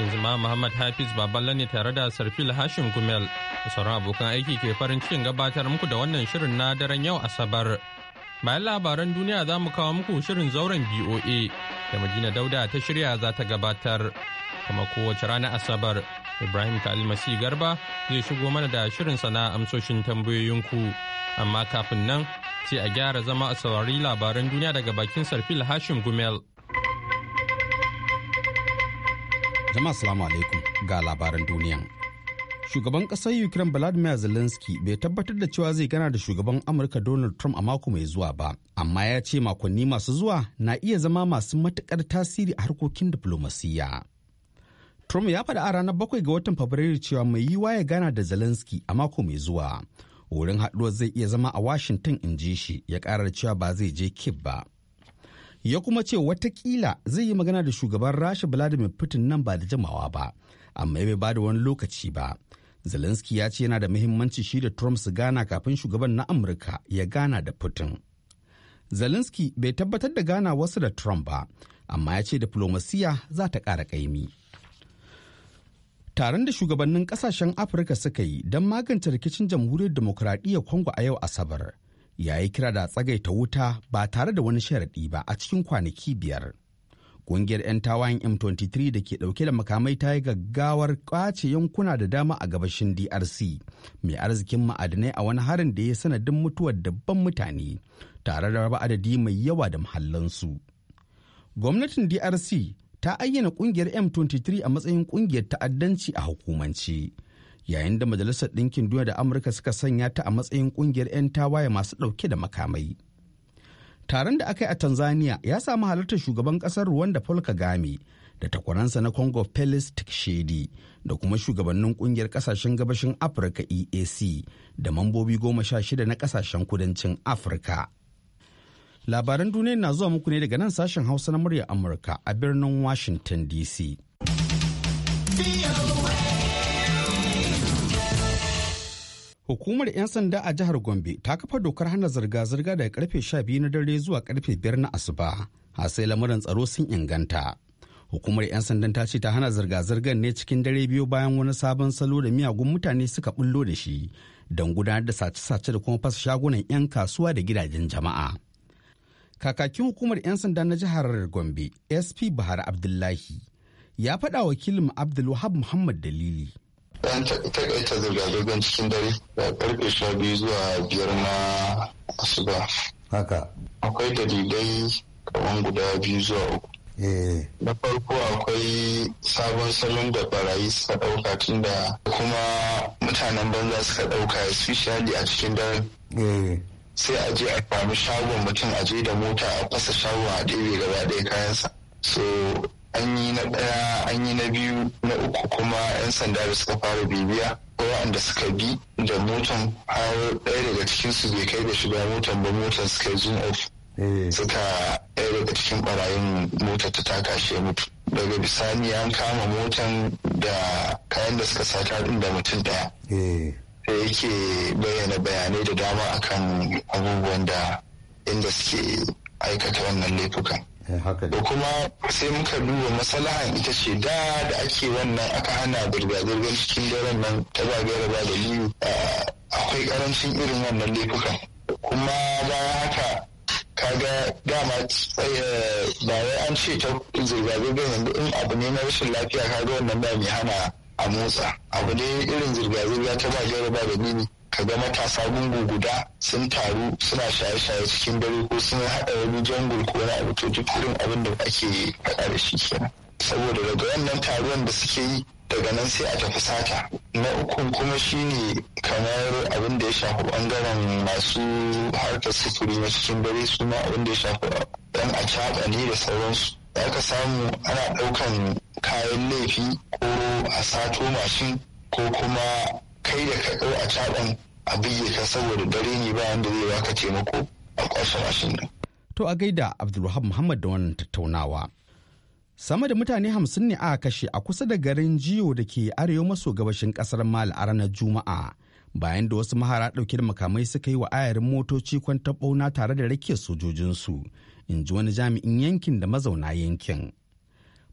yanzu ma Muhammad Hafiz Baballe ne tare da Sarfil Hashim Gumel sauran abokan aiki ke farin cikin gabatar muku da wannan shirin na daren yau Asabar. Bayan labaran duniya za mu kawo muku shirin zauren BOA da Madina Dauda ta shirya za ta gabatar. Kama kowace rana Asabar, Ibrahim Kalil Masih Garba zai shigo mana da shirin sana amsoshin tambayoyinku. Amma kafin nan sai a gyara zama a saurari labaran duniya daga bakin Sarfil Hashim Gumel. Jama'a salamu alaikum ga labaran duniya. Shugaban ƙasar Ukraine Vladimir Zelensky bai tabbatar da cewa zai gana da shugaban Amurka Donald Trump a mako mai zuwa ba, amma ya ce makonni masu zuwa na iya zama masu matuƙar tasiri a harkokin diflomasiyya. Trump ya faɗa a ranar bakwai ga watan Fabrairu cewa mai yiwa ya gana da Zelensky a mako mai zuwa. Wurin haɗuwar zai iya zama a Washington in ji shi ya ƙara cewa ba zai je Kiev ba. ya kuma ce watakila zai yi magana da shugaban rasha vladimir putin nan ba da jimawa ba amma bai ba da wani lokaci ba zelensky ya ce yana da mahimmanci shi da trump su gana kafin shugaban na amurka ya gana da putin zelensky bai tabbatar da gana wasu da trump ba amma ya ce diflomasiya za ta ƙara ƙaimi taron da shugabannin kasashen afirka suka yi don magance rikicin jamhuriyar demokuraɗiyyar congo a yau asabar ya yi kira da tsagaita wuta ba tare da wani sharaɗi ba a cikin kwanaki biyar. Ƙungiyar 'yan tawayen M23 da ke ɗauke da makamai ta yi gaggawar ƙwace yankuna da dama a gabashin DRC mai arzikin ma'adinai a wani harin da ya sanadin mutuwar dabban mutane tare da raba adadi mai yawa da mahallansu. Gwamnatin DRC ta ayyana ƙungiyar M23 a matsayin ƙungiyar ta'addanci a hukumance. yayin da majalisar ɗinkin duniya da amurka suka sanya ta a matsayin ƙungiyar 'yan tawaye masu ɗauke da makamai taron da aka yi a tanzania ya samu halartar shugaban ƙasar rwanda paul kagame da takwaransa na congo felix tikshedi da kuma shugabannin ƙungiyar ƙasashen gabashin afirka eac da mambobi goma sha shida na ƙasashen kudancin afirka labaran duniya na zuwa muku ne daga nan sashen hausa na murya amurka a birnin washington dc Hukumar 'yan sanda a jihar Gombe ta kafa dokar hana zirga-zirga daga karfe 12 na dare zuwa karfe 5 na asuba. sai lamuran tsaro sun inganta. Hukumar 'yan sandan ta ce ta hana zirga-zirgar ne cikin dare biyu bayan wani sabon salo da miyagun mutane suka bullo da shi don gudanar da sace-sace da kuma fasa shagunan 'yan kasuwa da gidajen jama'a. Kakakin hukumar 'yan sanda na jihar Gombe, SP Bahar Abdullahi, ya faɗa wakilin Abdulwahab Muhammad Dalili Ɗan takaita zirga-zirgar cikin dare da karfe sha biyu zuwa biyar na asuba haka akwai dalilai kamar guda biyu zuwa uku eh. na farko akwai sabon salon da barayi suka ɗauka tun da kuma mutanen banza suka dauka especially a cikin dare eh. sai a je a sami shagon mutum a je da mota a fasa shagon a ɗebe gaba ɗaya kayansa so an yi na ɗaya an yi na biyu na uku kuma 'yan sanda da suka fara bibiya ko wanda suka bi da motan har ɗaya daga cikinsu bai kai da shiga motan ba motan suka yi zoom off eh. suka ɗaya daga cikin barayin motar ta taka shi mutu daga bisani an kama motan da kayan da suka sata ɗin da mutum ɗaya eh. da yake bayyana bayanai da dama akan abubuwan da inda suke aikata wannan laifukan kuma sai muka duba masalahan ita ce da da ake wannan aka hana zirga-zirgar cikin daren nan ta zagayar ba da eh, akwai karancin irin wannan laifukan kuma bayan haka kaga dama eh, ba wai an ce ta zirga-zirgar yanzu in abu ne na rashin lafiya kaga wannan ba mai hana a motsa abu ne irin zirga-zirga ta ba da nini ka ga matasa gungu guda sun taru suna shaye-shaye cikin dare ko sun haɗa wani jangul ko wani abu to duk irin abin da ake faɗa da shi kenan saboda daga wannan taruwan da suke yi daga nan sai a tafi sata na uku kuma shine kamar abin da ya shafi bangaren masu harkar sufuri na cikin dare su ma abin da ya shafi dan a ne da sauransu aka samu ana ɗaukan kayan laifi ko a sato mashin ko kuma kai da ka a caɗan a biye ka saboda dare ne ba wanda zai baka taimako a kwashe mashin nan. To a gaida Abdulwahab Muhammad da wannan tattaunawa. Sama da mutane hamsin ne aka kashe a kusa da garin Jiyo da ke arewa maso gabashin kasar Mali a ranar Juma'a bayan da wasu mahara ɗauke da makamai suka yi wa ayarin motoci kwantar ɓauna tare da rake sojojinsu in ji wani jami'in yankin da mazauna yankin.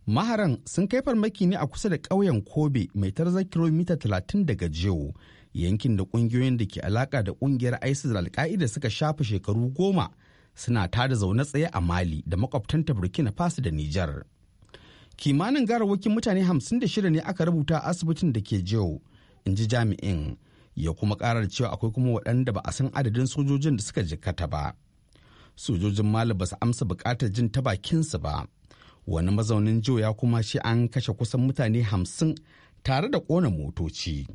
maharan sun kai farmaki ne a kusa da ƙauyen kobe mai tarzar kilomita 30 daga jiyo yankin da ƙungiyoyin da ke alaƙa da ƙungiyar isis da alka'ida suka shafa shekaru goma suna tada zaune tsaye a mali da makwabtanta burkina faso da nijar kimanin garawakin mutane 56 ne aka rubuta a asibitin da ke jiyo in ji jami'in ya kuma karar cewa akwai kuma waɗanda ba a san adadin sojojin da suka jikkata ba sojojin mali ba su amsa buƙatar jin ta bakinsu ba wani mazaunin jo ya kuma ce an kashe kusan mutane hamsin tare da ƙona motoci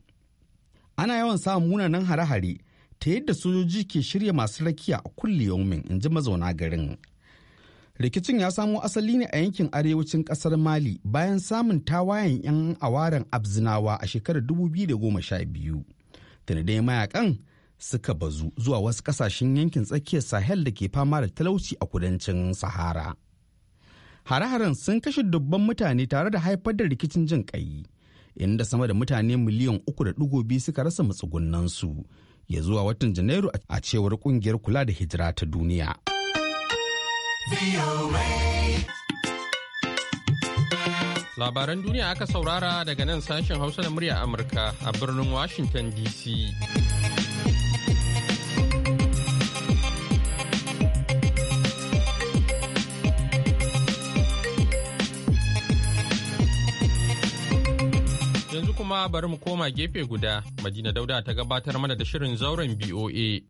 ana yawan samun munanan hare-hare ta yadda sojoji ke shirya masu rakiya a kulle yaumin in ji mazauna garin rikicin ya samo asali ne a yankin arewacin kasar mali bayan samun tawayen 'yan awaren abzinawa a shekarar 2012 tunadai mayakan suka bazu zuwa wasu kasashen yankin tsakiyar sahel da ke fama da talauci a kudancin sahara hare-haren sun kashe dubban mutane tare da haifar da rikicin jin kai inda sama da mutane miliyan uku da ɗigo biyu suka rasa matsugunansu ya zuwa watan janairu a cewar kungiyar kula da hijira ta duniya labaran duniya aka saurara daga nan sashen hausa da murya amurka a birnin washington dc kuma bari mu koma gefe guda, Madina Dauda ta gabatar mana da shirin zauren BOA.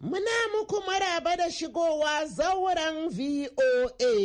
Muna muku maraba da shigowa zauren VOA.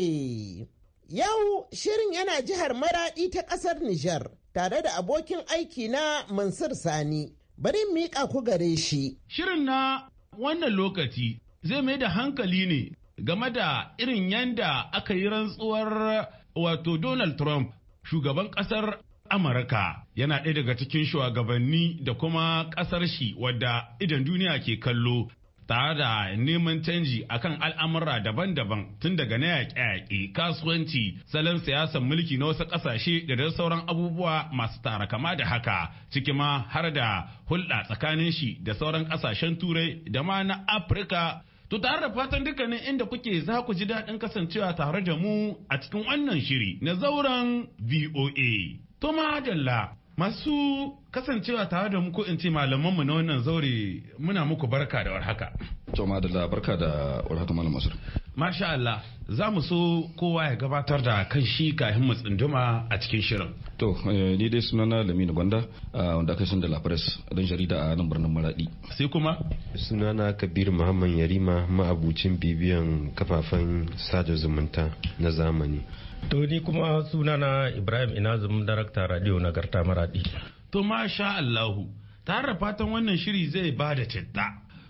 Yau shirin yana jihar Maraɗi ta ƙasar Nijar tare da abokin aiki na Mansur Sani. Bari miƙa ku gare shi. Shirin na wannan lokaci zai mai da hankali ne game da irin yanda aka yi rantsuwar wato Donald Trump shugaban ƙasar Amurka yana ɗaya daga cikin shugabanni da kuma ƙasar shi wadda idan duniya ke kallo tare da neman canji akan al'amura daban-daban tun daga na yaƙe-yaƙe kasuwanci salon siyasar mulki na wasu ƙasashe da da sauran abubuwa masu tara kama da haka ciki ma har da hulɗa tsakanin shi da sauran ƙasashen turai da ma na afirka To tare da fatan dukkanin inda kuke za ku ji daɗin kasancewa tare da mu a cikin wannan shiri na zauren VOA. To madalla Masu kasancewa tare da mu ko in ce malamanmu na wannan zaure muna muku barka da warhaka. To madalla barka da warhaka malam Masar. Masha Allah za mu so kowa ya gabatar da kan shi kafin mu tsunduma a cikin shirin. To eh, ni dai sunana Lamini Gwanda wanda aka san da La Press don jarida a nan birnin Maradi. Sai kuma sunana Kabir Muhammad Yarima ma'abucin bibiyan kafafen sada zumunta na zamani. To ni kuma sunana Ibrahim Inazum Darakta Radio Garta Maradi. To masha Allahu, ta da fatan wannan shiri zai ba da citta.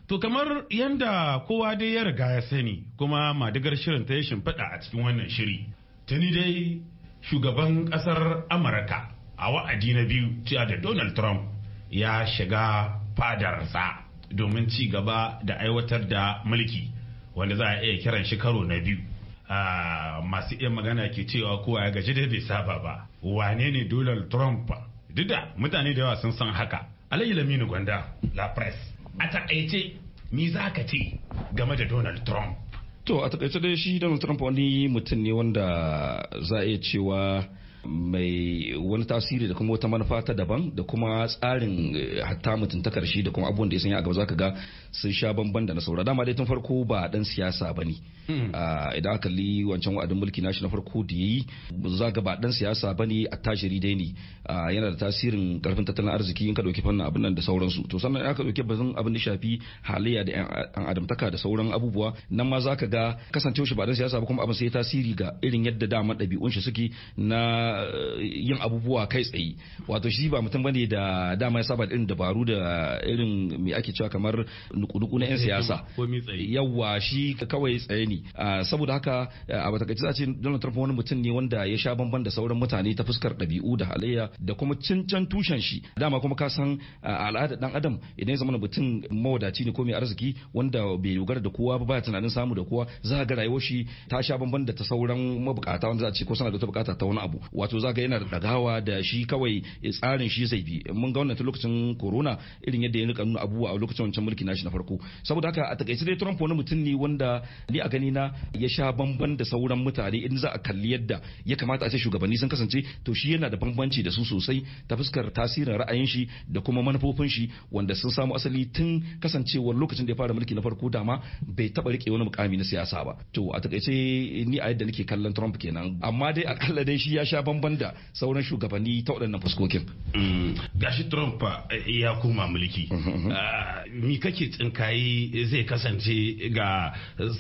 To kamar yadda kowa dai ya riga ya sani kuma madigar shirin ta yi shimfiɗa a cikin wannan shiri. Tani dai shugaban ƙasar Amurka a wa'adi na biyu cewa da Donald Trump ya shiga fadarsa domin ci gaba da aiwatar da mulki wanda za a iya kiran shi karo na biyu. masu iya magana ke cewa kowa ya gaji da bai saba ba wane ne donald trump duk da mutane da yawa sun san haka alayyi lamini gwanda la press a takaice ni za ka ce game da donald trump to a takaice dai shi donald trump wani mutum ne wanda za a iya cewa mai wani tasiri da kuma wata manufa ta daban da kuma tsarin eh, hatta mutunta karshe da kuma abubuwan da ya sanya a gaba zaka ga sun sha bamban da na saura dama dai tun farko ba dan siyasa ba ne hmm. ah, idan aka li wancan wa'adin mulki nashi na farko da yi za ga ba dan siyasa ba ne a tashiri dai ne ah, yana da tasirin karfin tattalin arziki in ka dauki fannin abin nan da sauransu to sannan aka dauki bazin abin da shafi halayya da yan adamtaka da sauran abubuwa nan ma za ka ga kasancewa shi ba dan siyasa ba kuma abin sai tasiri ga irin yadda dama ɗabi'un shi suke na yin abubuwa kai tsaye wato shi ba mutum bane da dama ya saba irin dabaru da irin me ake cewa kamar nuku na yan siyasa yawa shi kawai tsaye ne saboda haka a batakaice za ce Donald Trump wani mutum ne wanda ya sha bamban da sauran mutane ta fuskar ɗabi'u da halayya da kuma cincan tushen shi dama kuma ka san al'adar dan adam idan ya zama mutum mawadaci ne ko mai arziki wanda bai dogara da kowa ba ba tunanin samu da kowa za ga rayuwar shi ta sha bamban da ta sauran mabukata wanda za a ce ko sana da ta bukata ta wani abu wato zaka yana da dagawa da shi kawai tsarin shi zai bi mun ga wannan lokacin corona irin yadda ya rika nuna abubuwa a lokacin wancan mulki nashi na farko saboda haka a takaice dai Trump wani mutum ne wanda ni a gani na ya sha bamban da sauran mutane in za a kalli yadda ya kamata a ce shugabanni sun kasance to shi yana da bambanci da su sosai ta fuskar tasirin ra'ayin shi da kuma manufofin shi wanda sun samu asali tun kasancewar lokacin da ya fara mulki na farko dama bai taba rike wani mukami na siyasa ba to a takaice ni a yadda nake kallon Trump kenan amma dai akalla dai shi ya sha bamban da sauran shugabanni ta waɗannan fuskokin. Mm. gashi trump eh, ya koma mulki mi mm-hmm, mm-hmm. ah, kake tsinkayi zai kasance ga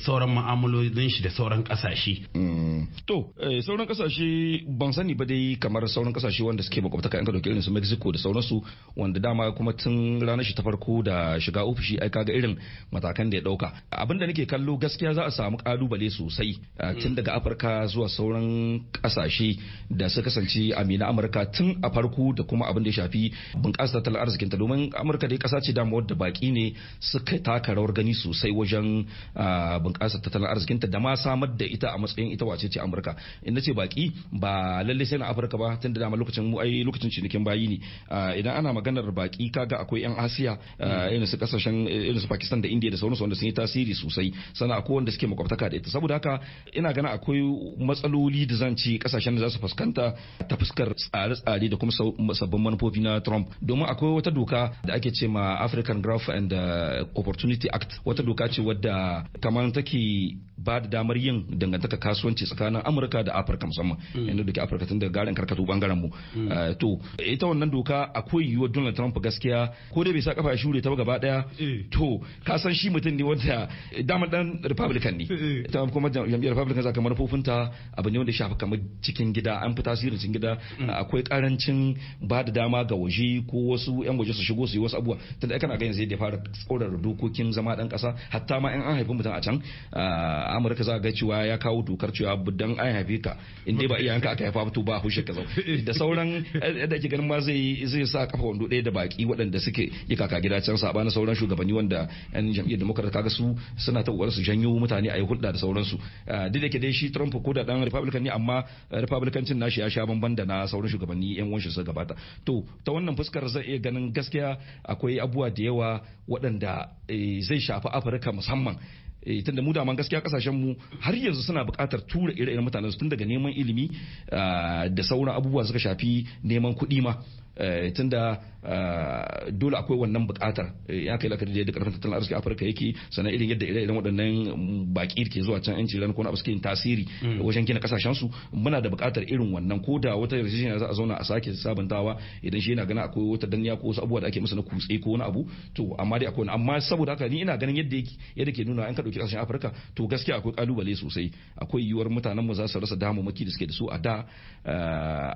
sauran ma'amalolin shi da sauran kasashe mm. to eh, sauran kasashe ban sani ba dai kamar sauran kasashe wanda suke makwabtaka yanka kadoki irin su mexico da sauransu wanda dama kuma tun ranar shi ta farko da shiga ofishi ai kaga irin matakan da ya dauka abinda nake kallo gaskiya za a samu kalubale sosai ah, tun mm. daga afirka zuwa sauran kasashe da su kasance a Minna amurka tun a farko da kuma abin da ya shafi bunƙasa tattalin arzikin ta domin amurka dai ƙasa ce dama wadda baƙi ne suka taka rawar gani sosai wajen bunƙasa tattalin arzikin ta da ma samar da ita a matsayin ita wace ce amurka ina ce baƙi ba lallai sai na afirka ba tun da dama lokacin mu ai lokacin cinikin bayi ne idan ana maganar baƙi kaga akwai yan asiya irin su kasashen irin su pakistan da indiya da sauransu wanda sun yi tasiri sosai sana akwai wanda suke makwabtaka da ita saboda haka ina gana akwai matsaloli da zan ce kasashen da za su fuskanta kanta ta fuskar tsare-tsare da kuma sabbin manufofi na Trump domin akwai wata doka da ake ce ma African Growth and uh, Opportunity Act wata doka ce wadda kamar take ba da damar yin dangantaka kasuwanci tsakanin Amurka da Afirka musamman inda mm. duke Afirka tun daga garin karkatu bangaren mu mm. uh, to ita wannan doka akwai yiwuwar Donald Trump gaskiya ko dai bai sa kafa shure ta gaba daya eh. to ka san shi mutum ne wanda dama dan Republican ne eh, eh. ta kuma jam'iyyar Republican zaka manufofinta abu ne wanda shafi kamar cikin gida an an fi tasirin cikin gida mm. akwai karancin ba da dama ga waje ko wasu yan waje su shigo su yi wasu abubuwa da kana ganin zai da fara tsorara dokokin zama dan kasa hatta ma in an haifi mutum a can amurka za ga cewa ya kawo dokar cewa budan an haife ka in dai ba iyayenka aka haifa to ba hushe ka zau da sauran da ke ganin ma zai zai sa kafa wando ɗaya da baki waɗanda suke yi kaka gida can sabana sauran shugabanni wanda yan jam'iyyar demokrat kaga su suna ta kokarin su janyo mutane a yi hulɗa da sauransu duk da ke dai shi Trump ko da dan Republican ne amma Republicancin nashi ya sha bamban da na sauran shugabanni yan uwan su gabata to ta wannan fuskar zai iya ganin gaskiya akwai abubuwa da yawa waɗanda eh, zai shafi afirka musamman eh, tunda mu daman gaskiya kasashen mu har yanzu suna buƙatar tura ire-iren mutanen su tun daga neman ilimi ah, da sauran abubuwa suka shafi neman kuɗi ma Eh, tunda eh, dole akwai wannan bukatar eh, ya kai lakari da karfin tattalin arziki afirka yake sannan irin yadda irin waɗannan mm, baki ke zuwa can yanci ran ko na suke yin tasiri mm. wajen gina kasashen su muna da bukatar irin wannan ko da wata yarjejeniya za a zauna a sake sabantawa idan shi yana gana akwai wata danniya ko wasu abubuwa da ake masa na kutse ko wani abu to amma dai akwai amma saboda haka ni ina ganin yadda yadda ke nuna an ka dauki kasashen afirka to gaskiya akwai kalubale sosai akwai yiwuwar mutanen mu za su rasa damammaki da suke da su a da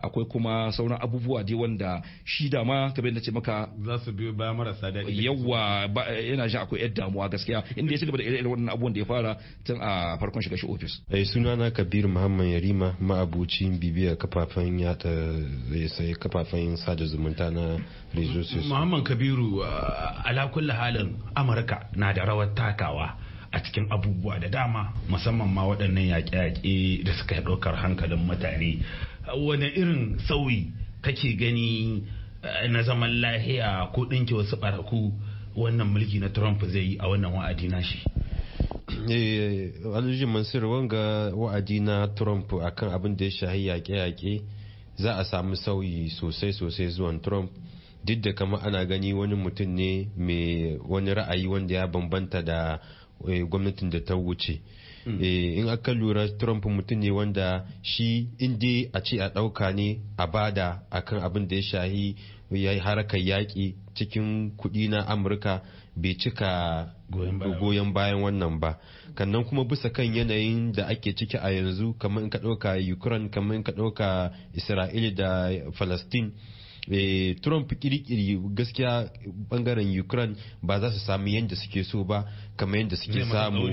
akwai kuma sauran abubuwa dai wanda shi da ma kamar na ce maka za su biyo baya marasa daɗi yawa yana jin akwai yar damuwa gaskiya inda ya ci gaba da irin wannan abubuwan da ya fara tun a farkon shiga shi ofis suna eh, sunana Kabir Muhammad Yarima ma'abucin bibiyar kafafen yata eh, sai kafafen sada zumunta na resources Muhammad Kabiru eh, ala kulli halin Amurka na da rawar takawa a cikin abubuwa da dama musamman ma waɗannan yaƙe-yaƙe da suka ɗaukar hankalin mutane wani irin sauyi kake gani eh, na zaman lahiya ko ɗinke wasu baraku wannan mulki na trump zai yi a wannan wa'adi na shi eh, alhaji mansur wanga wa'adi na trump akan abin da ya shahi yaƙe-yaƙe za a samu sauyi sosai-sosai zuwan trump duk da kama ana gani wani mutum ne mai wani ra'ayi wanda ya bambanta da eh, gwamnatin da ta wuce Mm. Eh, in aka lura trump mutum ne wanda shi inda a ce a ɗauka ne a bada akan abin da ya shahi ya yi harakar yaƙi cikin kuɗi na amurka bai cika goyon bayan wannan ba kannan kuma bisa kan yanayin da ake ciki a yanzu kamar in ka ɗauka ukraine kamar in ka ɗauka isra'ila da palestine Eh, trump kirkiri gaskiya bangaren ukraine ba za su samu yadda suke so ba kamar yadda suke samu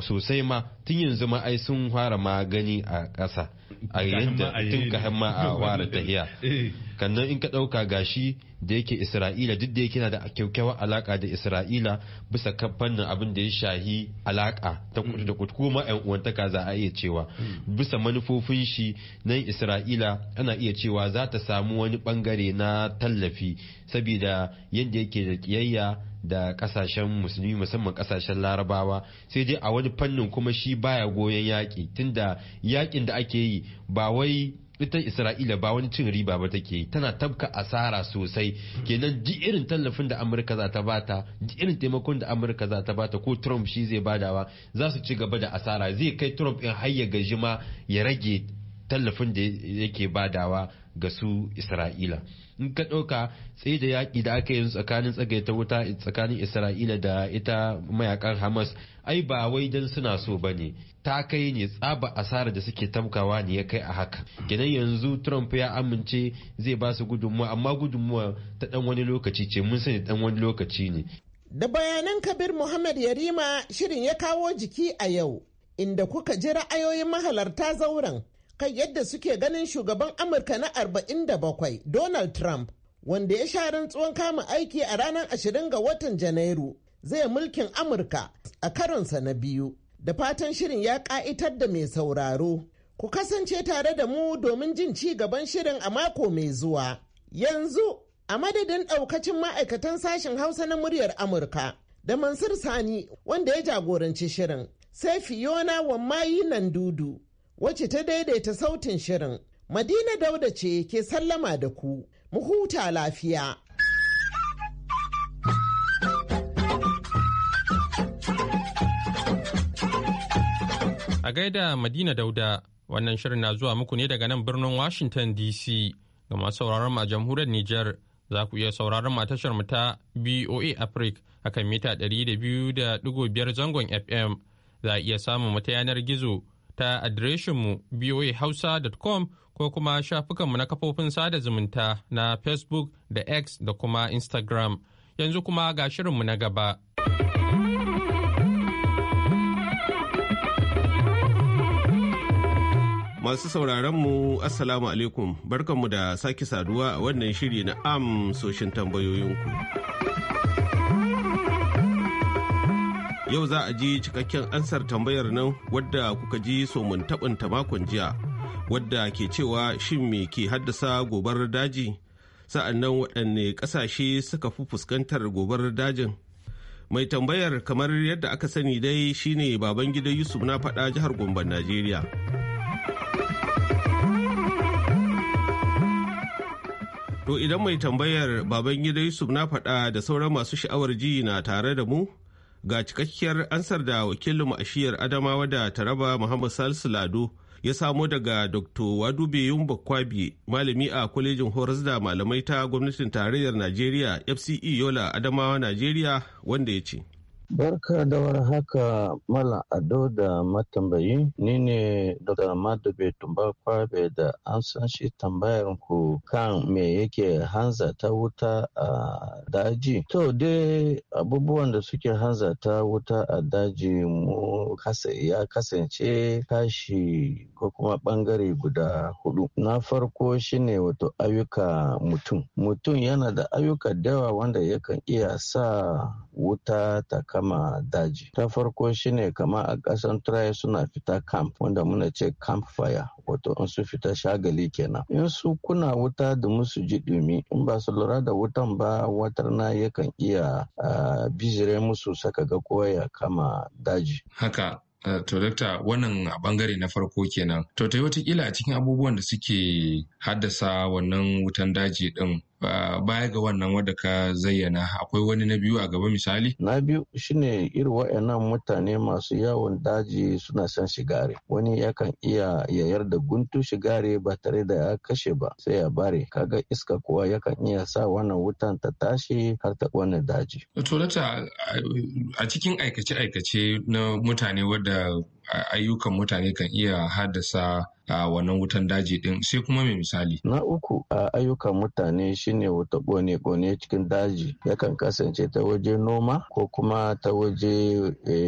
sosai ma tun yanzu ma ai sun fara magani a ƙasa a yadda tun ka a wara tahiya eh. kannan in ka ɗauka gashi da yake isra'ila duk da yake na da kyakkyawar alaka da isra'ila bisa kan fannin abin da ya shahi alaka ta kudu da kudu kuma yan uwantaka za a iya cewa hmm. bisa manufofin shi na isra'ila ana iya cewa za ta samu wani bangare na tallafi saboda yadda yake da kiyayya da kasashen musulmi musamman kasashen larabawa sai dai a wani fannin kuma shi baya goyon yaƙi tunda yaƙin da ake yi ba wai ita isra'ila ba wani cin riba ba take yi tana tabka asara sosai kenan ji irin tallafin da amurka za ta bata ji irin taimakon da amurka za ta bata ko trump shi zai badawa za su ci gaba da asara zai kai trump in har ya gaji ma ya rage tallafin da yake badawa ga su isra'ila in ka ɗauka tsaye da yaƙi da aka yi tsakanin tsagaita wuta tsakanin isra'ila da ita mayakan hamas ai ba wai don suna so ba ne ta kai ne tsaba asarar da suke tamkawa ne ya kai a haka kenan yanzu trump ya amince zai ba su gudunmuwa amma gudunmuwa ta ɗan wani lokaci ce mun sani ɗan wani lokaci ne da bayanan kabir muhammad yarima shirin ya kawo jiki a yau inda kuka ji ra'ayoyin mahalarta zauren kan yadda suke ganin shugaban amurka na 47 donald trump wanda ya sha rantsuwan kama aiki a ranar 20 ga watan janairu zai mulkin amurka a karonsa na biyu da fatan shirin ya ka'itar da mai sauraro ku kasance tare da mu domin jin ci gaban shirin a mako mai zuwa yanzu a madadin ɗaukacin ma'aikatan sashen hausa na muryar amurka da mansur sani wanda ya jagoranci shirin sai fiona wammayi nan dudu wacce ta daidaita sautin shirin. Madina Dauda ce ke sallama da ku, mu huta lafiya. A gaida Madina Dauda, wannan shirin na zuwa muku ne daga nan birnin Washington DC ga masu sauraron a jamhuriyar Nijar. Za ku iya sauraron a tashar mu ta BOA Africa akan mita 200.5 zangon FM. Za a iya samun mata yanar gizo ta adireshinmu voahausa.com ko kuma shafukanmu na kafofin sada zumunta na Facebook da X da kuma Instagram. Yanzu kuma ga shirinmu na gaba. Masu sauraronmu Assalamu alaikum, barkanmu da sake saduwa a wannan shiri na amsoshin tambayoyinku. yau za a ji cikakken ansar tambayar nan wadda kuka ji somin taɓinta makon jiya wadda ke cewa shin me ke haddasa gobar daji sa'an nan waɗanne ƙasashe suka fi fuskantar gobar dajin mai tambayar kamar yadda aka sani dai shine baban gida yusuf na faɗa jihar gombe najeriya to idan mai tambayar baban gida yusuf na faɗa da sauran masu sha'awar ji na tare da mu Ga cikakkiyar ansar da wakilinmu a shiyar Adamawa da Taraba Muhammad Salisu Lado ya samo daga Dr. Wadube Yumba Kwabi, malami a kwalejin horas da malamai ta gwamnatin tarayyar Najeriya FCE Yola Adamawa Najeriya wanda ya ce. Barka da warhaka Mala Ado da matambayi ni ne Dr. Madu Betumba Kwabe da an san shi tambayar ku kan me yake hanza ta wuta a daji. To dai abubuwan da suke hanza ta wuta a daji mu ya kasance kashi ko kuma bangare guda hudu. Na farko shine wato ayyuka mutum. Mutum yana da ayyuka da yawa wanda yakan iya sa wuta ta kama daji ta farko shine kama a ƙasan turai suna fita camp wanda muna ce camp fire wato in su fita shagali kenan in su kuna wuta da musu ji dumi in ba su lura da wutan ba watar na yakan iya bijire musu saka ga koya kama daji haka eh, to dokta wannan a bangare na farko kenan to ta yi watakila a cikin abubuwan da suke haddasa wannan wutan daji din baya ga wannan wadda ka zayyana akwai wani na biyu a gaba misali? Na biyu shine irin wa'annan mutane masu yawon daji suna son shigare. Wani yakan iya yayar da guntu shigare ba tare da ya kashe ba sai ya bare. Kaga iska kuwa yakan iya sa wannan wutan ta tashi har ta wannan daji. a cikin aikace-aikace na mutane wadda ayyukan mutane kan iya haddasa a wannan wutan daji din sai kuma mai misali. Na uku a ayyukan mutane shine wuta bone bone cikin daji yakan kasance ta waje noma ko kuma ta waje e,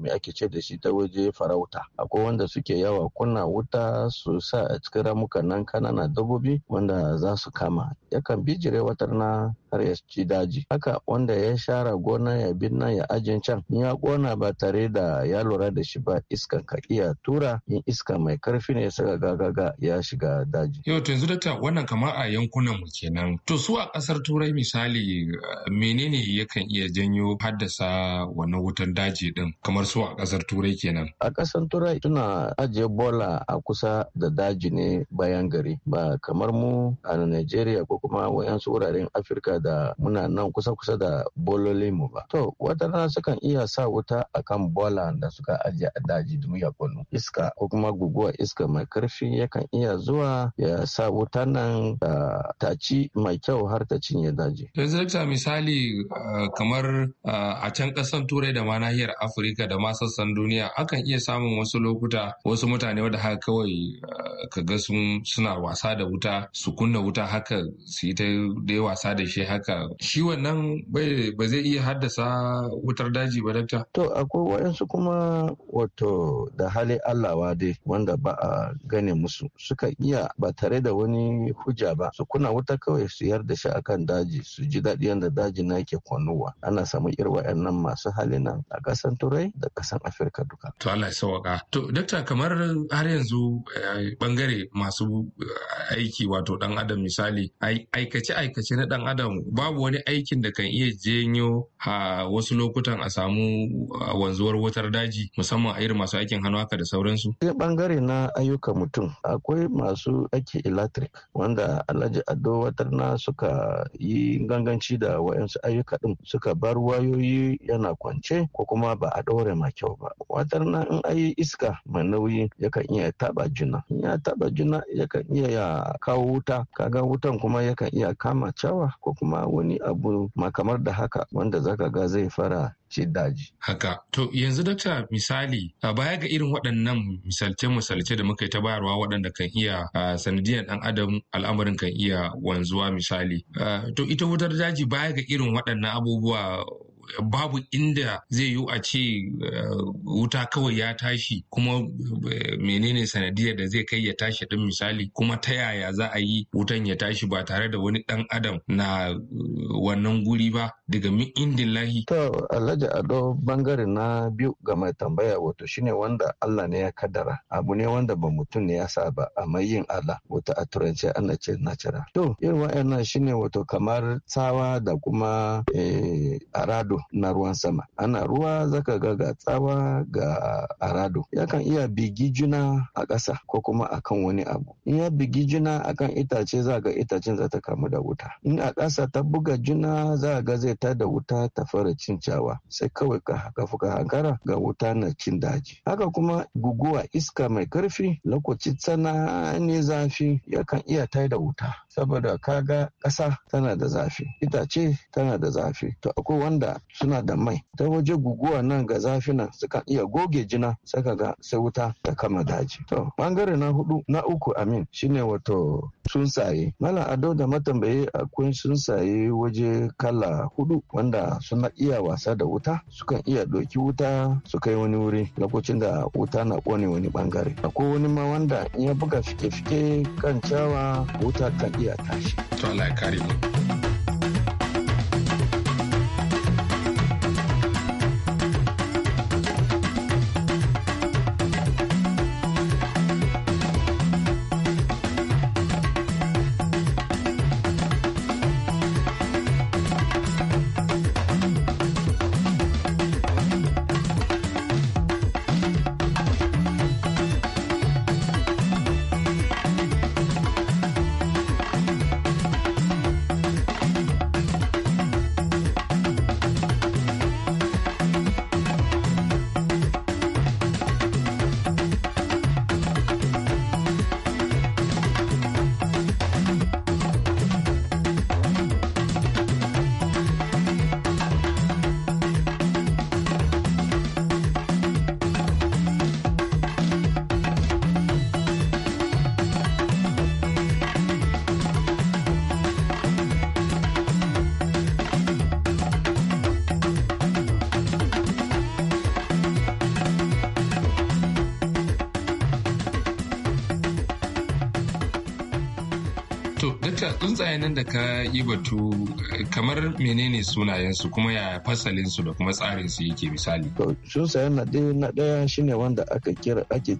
mai ake ce da shi ta waje farauta. Akwai wanda suke yawa kuna wuta su sa a cikin ramukan nan kanana dabbobi wanda za su kama. Yakan bijire watar na har ya ci daji haka wanda ya share gona ya binna ya ajin can in ya kona ba tare da ya lura da shi ba iska ka iya tura in iska mai karfi ne saka gagaga ya shiga daji yau to yanzu data wannan kama a yankunan mu kenan to su a kasar turai misali eh, menene yakan iya janyo haddasa wannan wutan daji din kamar su a kasar turai kenan a kasar turai suna ajiye bola a kusa da daji ne bayan gari ba kamar mu a Najeriya ko kuma wayansu wuraren Afirka da muna nan kusa kusa da bololin ba to wata rana sukan iya sa wuta a kan bola da suka ajiye a daji domin ya iska ko kuma guguwa iska mai karfi yakan iya zuwa ya sa wuta nan da taci mai kyau har ta cinye daji to misali kamar a can kasan turai da ma nahiyar afirka da ma sassan duniya akan iya samun wasu lokuta wasu mutane wanda haka kawai ka ga sun suna wasa da wuta su kunna wuta haka su yi ta dai wasa da shi haka shi wannan ba zai iya haddasa wutar daji ba dakta to akwai wayansu kuma wato da hali allawa dai wanda ba a gane musu suka iya ba tare da wani hujja ba su kuna wuta kawai su yar da shi akan daji su ji daɗi yadda daji na yake kwanuwa ana samu irin waɗannan masu hali nan a ƙasan turai da ƙasan afirka duka to allah ya sauƙa to dakta kamar har yanzu bangare eh, masu eh, aiki wato ɗan adam misali aikace aikace na ɗan adam babu wani aikin da kan iya janyo a wasu lokutan a samu wanzuwar wutar daji musamman a irin masu aikin hannu haka da sauransu? Sai bangare na ayyukan mutum akwai masu aiki electric wanda alhaji ado na suka yi ganganci da wayansu ayyuka din suka bar wayoyi yana kwance ko kuma ba a ɗaure ma kyau ba. na in ayi iska mai nauyi yakan iya taba juna. In ya taba juna yakan iya kawo wuta kaga wutan kuma yakan iya kama cawa ko kuma ma wani abu makamar da haka wanda zaka ga zai fara ce daji. Haka, to yanzu ta misali a baya ga irin waɗannan misalce-misalce da muka yi ta bayarwa waɗanda kan iya sanadiyar ɗan adam al'amarin kan iya wanzuwa misali. To ita wutar daji baya ga irin waɗannan abubuwa babu inda zai yi a ce eh, wuta kawai ya tashi kuma eh, menene sanadiyar da zai kai ya tashi din misali kuma ta yaya za a yi wutan ya tashi ba tare da wani dan adam na eh, wannan guri ba daga min indillahi to alhaji ado bangare na biyu ga mai tambaya wato shine wanda Allah ne ya kaddara abu ne wanda ba mutum ne ya sa ba amma yin Allah wato a an ana ce natural to irin wa'annan shine wato kamar tsawa da kuma arado arado na ruwan sama ana ruwa zaka ga ga tsawa ga arado yakan iya bigi juna a ƙasa ko kuma akan wani abu in ya bigi juna akan itace za ga itacen za ta kamu da wuta in a ƙasa ta buga juna za ga zai ta da wuta ta fara cin cincawa sai kawai ka haka fuka hankara ga wuta na cin daji haka kuma guguwa iska mai karfi lokaci tsanani ne zafi yakan iya tai da wuta saboda kaga ƙasa tana da zafi itace tana da zafi to akwai wanda suna da mai ta waje guguwa nan ga zafi nan suka iya goge jina saka ga sai wuta ta kama daji to bangare na hudu na uku amin shine wato tsuntsaye mala ado da matambaye akwai tsuntsaye waje kala hudu wanda suna iya wasa da wuta sukan iya doki wuta su kai wani wuri lokacin da wuta na ƙone wani bangare akwai wani ma wanda in ya buga fike-fike kan cawa wuta kan lafiya tashi. To Allah ya kare mu. tsuntsayen nan da ka yi batu kamar menene sunayensu kuma ya fasalinsu da kuma tsarinsu yake misali. Tsuntsayen na ɗaya na shine wanda ake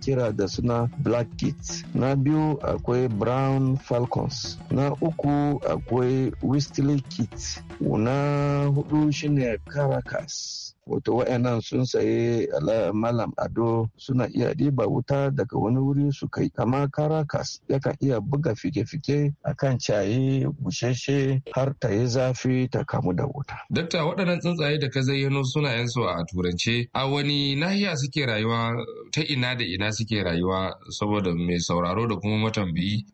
kira da suna black kit na biyu akwai brown falcons na uku akwai whistling kit na hudu shine caracas wato wa'annan sun saye malam ado suna iya ɗiba wuta daga wani wuri su kai kama karakas yakan iya buga fike-fike a kan cayi busheshe har ta yi zafi ta kamu da wuta. Dakta waɗannan tsuntsaye da ka zayyano suna yansu a turance a wani nahiya suke rayuwa ta ina da ina suke rayuwa saboda mai sauraro da kuma matambayi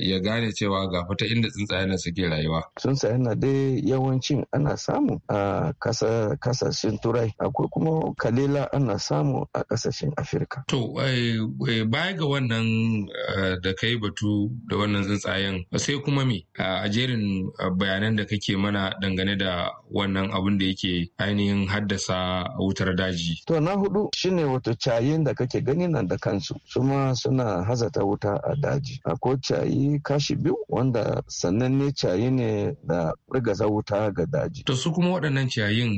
ya gane cewa ga fata inda tsuntsayen nan suke rayuwa. Tsuntsayen na dai yawancin ana samu a kasashen ƙasashen turai akwai kuma kalela ana samu a kasashen afirka to eh, baya ga wannan eh, da ka yi batu da wannan tsuntsayen sai kuma me a jerin eh, bayanan da kake mana dangane da wannan abun da yake ainihin haddasa wutar daji to na hudu shine wato cayin da kake gani nan da kansu suma suna hazata wuta a daji akwai cayi kashi biyu wanda sannan ne cayi ne da rigaza wuta ga daji to su kuma waɗannan ciyayin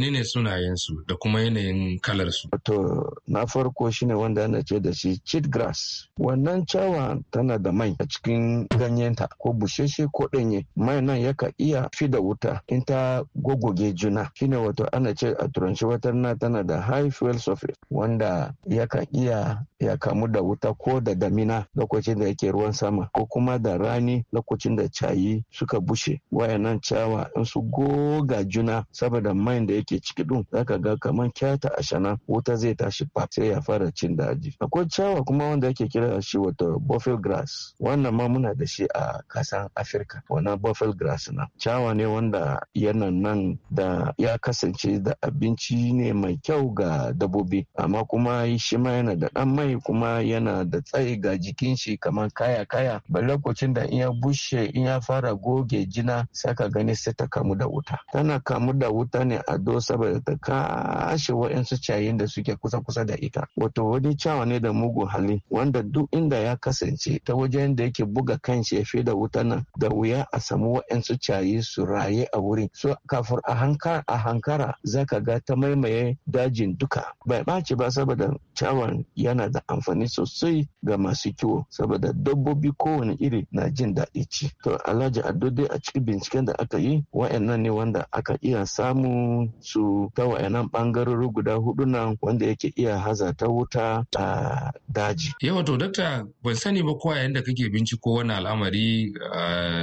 menene sunayensu da kuma yanayin kalarsu? Wato na farko shine wanda ana ce da shi grass. Wannan cawa tana da mai a cikin ganyenta ko busheshe ko ɗanye. Mai nan yaka iya fida wuta in ta gogoge juna. Shine wato ana ce a turanci watar na tana da high fuel sulfate wanda yaka iya ya kamu da wuta ko da damina lokacin da yake ruwan sama ko kuma da rani lokacin da cayi suka bushe. Wayannan cawa in su goga juna saboda mai da yake Ke ciki din zaka ga kamar kyata ashana wuta zai tashi fa sai ya fara cin daji akwai ciyawa kuma wanda ake kira shi wato buffel grass wannan ma muna da shi a kasan afirka wannan buffel grass na ciyawa ne wanda yana nan da ya kasance da abinci ne mai kyau ga dabbobi amma kuma shi ma yana da dan mai kuma yana da tsayi ga jikin shi kamar kaya kaya ko cin da in ya bushe in ya fara goge jina saka gani sai ta kamu da wuta tana kamu da wuta ne a do saboda ta kashe wa'yansu ciyayin da suke kusa-kusa da ita. Wato wani ciyawa ne da mugun hali wanda duk inda ya kasance ta wajen da yake buga kan shi ya fi da wuta nan da wuya a samu wa'yansu ciyayi su raye a wurin. So kafin a hankara a hankara za ka ga ta maimaye dajin duka. Bai ɓaci ba saboda ciyawan yana da amfani sosai ga masu kiwo saboda dabbobi kowane iri na jin daɗi ci. To Alhaji Ado dai a cikin binciken da aka yi wa'annan ne wanda aka iya samu su ta wayanan bangarori guda hudu nan wanda yake iya hazata wuta a daji. Yawa to dakta ban sani ba kowa yayin da kake binciko wani al'amari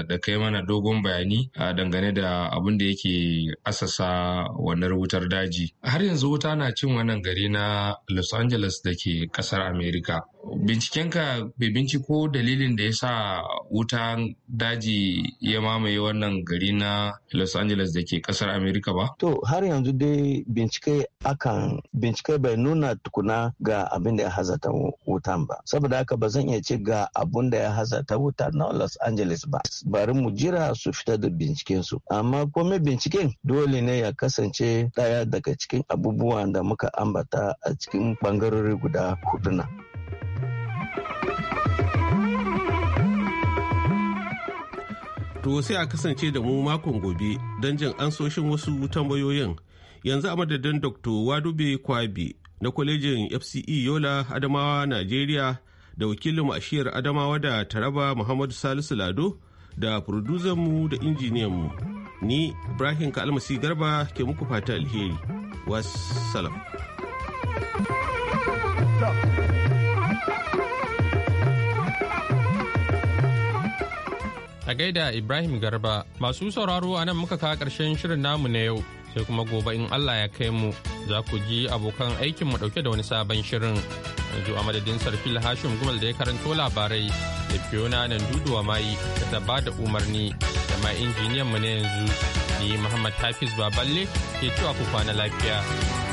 da kai mana dogon bayani dangane da abin da yake asasa wannan wutar daji. Har yanzu wuta na cin wannan gari na Los Angeles da ke kasar America. bincikenka bai binciko dalilin da ya sa wutan daji ya mamaye wannan gari na los angeles da ke kasar america ba to har yanzu dai bincike akan bincike bai nuna tukuna ga abin da ya hazata wutan ba saboda haka ba zan iya ce ga abin da ya hazata wuta na los angeles ba bari mu jira su fita da binciken su amma komai binciken dole ne ya kasance daya daga cikin abubuwan da muka ambata a cikin bangarori guda huduna. wato sai a kasance da mu makon gobe don jin ansoshin wasu tambayoyin. Yanzu a madadin Dr. Wadube Kwabi na kwalejin FCE Yola Adamawa Najeriya da wakilin ashiyar Adamawa da Taraba Muhammadu Salisu Lado da mu da injiniyanmu. Ni Ibrahim Kalmasi Garba ke muku fata alheri. salam gaida Ibrahim Garba masu sauraro a nan muka kawo ƙarshen shirin namu na yau sai kuma gobe in Allah ya kai mu za ku ji abokan aikin mu ɗauke da wani sabon shirin. Yanzu a madadin Sarfil Hashim Gumal da ya karanto labarai da Fiona nan duduwa mai da ta da umarni da ma injiniyan mu na yanzu ni Muhammad Hafiz Baballe ke cewa ku kwana lafiya.